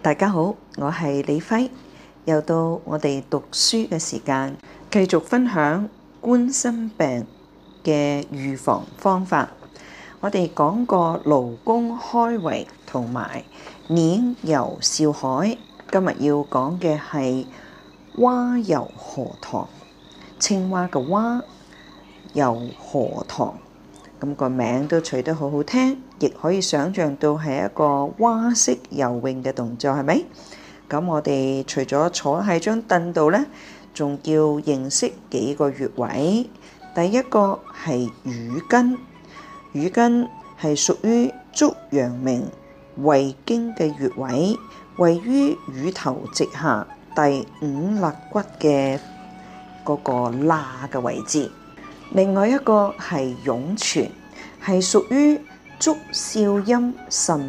大家好，我係李輝，又到我哋讀書嘅時間，繼續分享冠心病嘅預防方法。我哋講過勞宮開胃同埋年油少海，今日要講嘅係蛙游荷塘，青蛙嘅蛙游荷塘。咁個名都取得好好聽，亦可以想像到係一個蛙式游泳嘅動作，係咪？咁我哋除咗坐喺張凳度呢，仲要認識幾個穴位。第一個係乳根，乳根係屬於足陽明胃經嘅穴位，位於乳頭直下第五肋骨嘅嗰個罅嘅位置。另外一個係湧泉。係屬於足少陰腎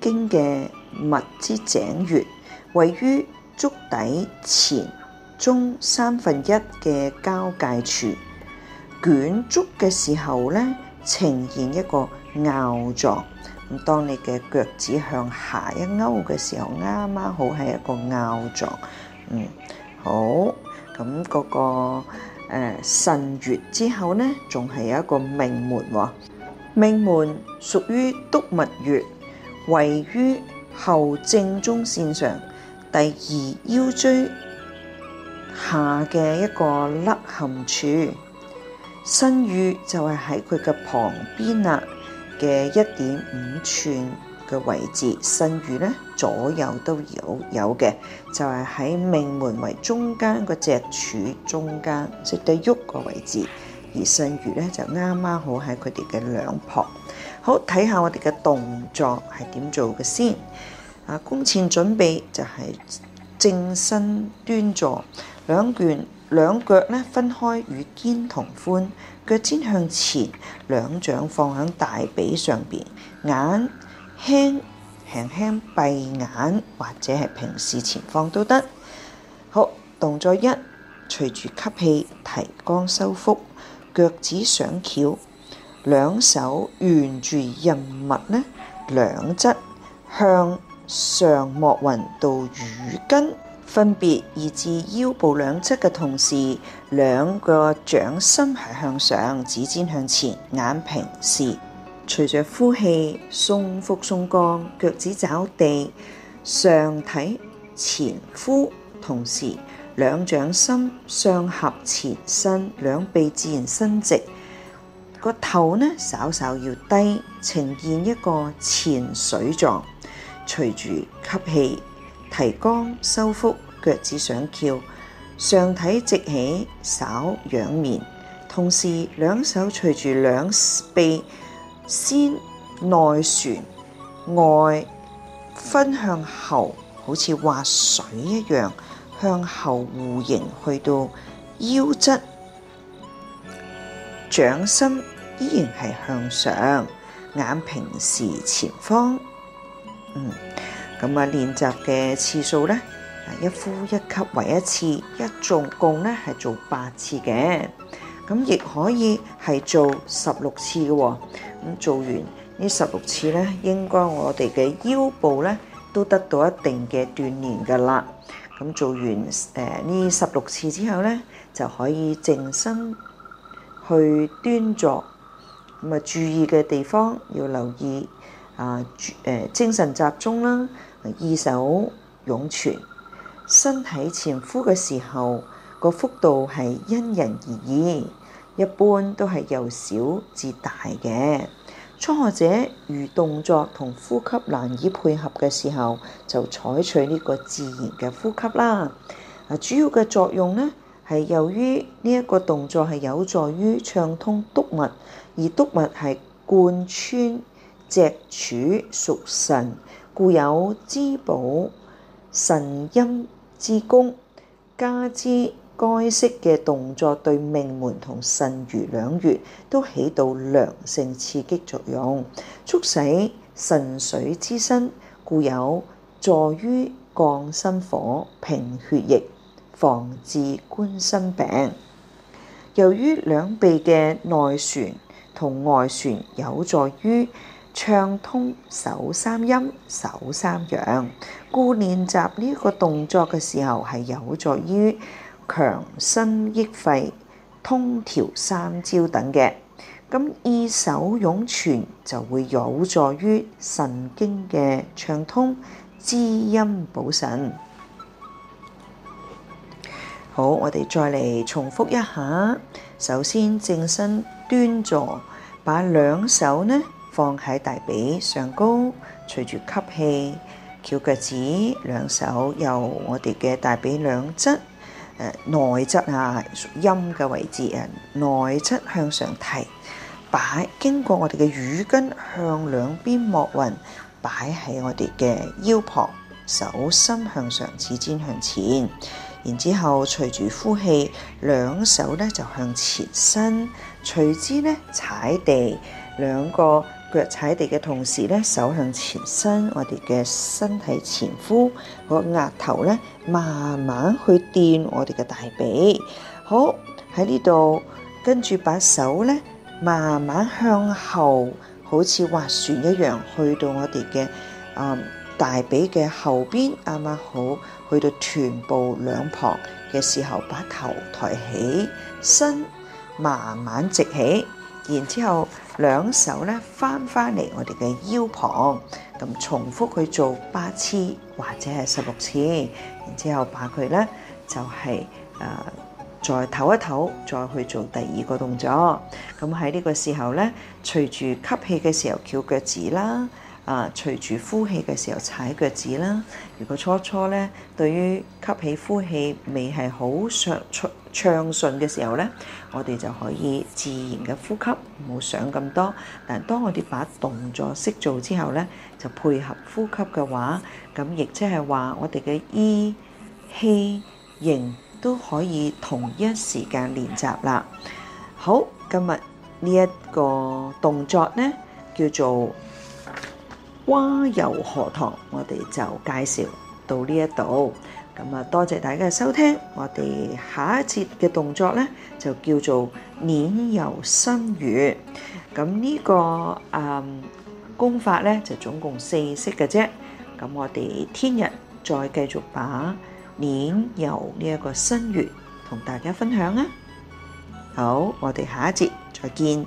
經嘅脈之井穴，位於足底前中三分一嘅交界處。捲足嘅時候咧，呈現一個拗狀。咁當你嘅腳趾向下一勾嘅時候，啱啱好係一個拗狀。嗯，好。咁、那、嗰個誒腎穴之後咧，仲係有一個命門喎。命門屬於督脈穴，位於後正中線上第二腰椎下嘅一個凹陷處。腎俞就係喺佢嘅旁邊啦嘅一點五寸嘅位置，腎俞咧左右都有有嘅，就係、是、喺命門為中間個脊柱中間值得喐個位置。而剩餘咧就啱啱好喺佢哋嘅兩旁。好，睇下我哋嘅動作係點做嘅先。啊，功前準備就係正身端坐，兩拳兩腳咧分開與肩同寬，腳尖向前，兩掌放喺大髀上邊，眼輕輕輕閉眼或者係平視前方都得。好，動作一，隨住吸氣提肛收腹。腳趾上翹，兩手沿住人物呢兩側向上莫雲到乳根，分別移至腰部兩側嘅同時，兩個掌心係向上，指尖向前，眼平視。隨着呼氣，鬆腹鬆肛，腳趾找地，上體前呼，同時。兩掌心上合前身，兩臂自然伸直。個頭呢，稍稍要低，呈現一個潛水狀。隨住吸氣，提肛收腹，腳趾上翹，上體直起，稍仰面。同時兩隨兩，兩手隨住兩臂先內旋外分向後，好似劃水一樣。向後弧形去到腰側，掌心依然係向上，眼平視前方。嗯，咁啊練習嘅次數呢，一呼一吸為一次，一做共呢係做八次嘅，咁亦可以係做十六次嘅。咁做完呢十六次呢，應該我哋嘅腰部呢，都得到一定嘅鍛鍊噶啦，咁做完誒呢十六次之後咧，就可以靜心去端坐。咁啊，注意嘅地方要留意啊，誒精神集中啦，二手湧泉，身體前俯嘅時候個幅度係因人而異，一般都係由小至大嘅。初學者如動作同呼吸難以配合嘅時候，就採取呢個自然嘅呼吸啦。啊，主要嘅作用呢，係由於呢一個動作係有助於暢通督脈，而督脈係貫穿脊柱，屬腎，故有滋補腎陰之功，加之。該式嘅動作對命門同腎俞兩穴都起到良性刺激作用，促使腎水滋身，故有助於降心火、平血液、防治冠心病。由於兩臂嘅內旋同外旋有助於暢通手三陰、手三陽，故練習呢一個動作嘅時候係有助於。強身益肺、通調三焦等嘅，咁以手湧泉就會有助於神經嘅暢通、滋陰補腎。好，我哋再嚟重複一下。首先正身端坐，把兩手呢放喺大髀上高，隨住吸氣，翹腳趾，兩手由我哋嘅大髀兩側。呃、內側啊，屬陰嘅位置啊，內側向上提，擺經過我哋嘅乳根向兩邊落匀，擺喺我哋嘅腰旁，手心向上，指尖向前，然之後隨住呼氣，兩手咧就向前伸，隨之咧踩地，兩個。腳踩地嘅同時咧，手向前伸，我哋嘅身體前俯，個額頭咧慢慢去掂我哋嘅大髀。好，喺呢度，跟住把手咧慢慢向後，好似划船一樣，去到我哋嘅啊大髀嘅後邊，啱啱好去到臀部兩旁嘅時候，把頭抬起，身慢慢直起。然之後兩手咧翻翻嚟我哋嘅腰旁，咁重複去做八次或者係十六次，然之後把佢咧就係、是、誒、呃、再唞一唞，再去做第二個動作。咁喺呢個時候咧，隨住吸氣嘅時候翹腳趾啦。翼翼翼啊！隨住呼氣嘅時候踩腳趾啦。如果初初咧，對於吸氣呼氣未係好暢暢順嘅時候咧，我哋就可以自然嘅呼吸，唔好想咁多。但當我哋把動作識做之後咧，就配合呼吸嘅話，咁亦即係話我哋嘅意氣型都可以同一時間練習啦。好，今日呢一個動作咧叫做蛙游荷塘，我哋就介紹到呢一度，咁啊多謝大家嘅收聽。我哋下一節嘅動作咧，就叫做捻游新月。咁呢個誒功法咧，就總共四式嘅啫。咁我哋聽日再繼續把捻游呢一個新月同大家分享啊。好，我哋下一節再見。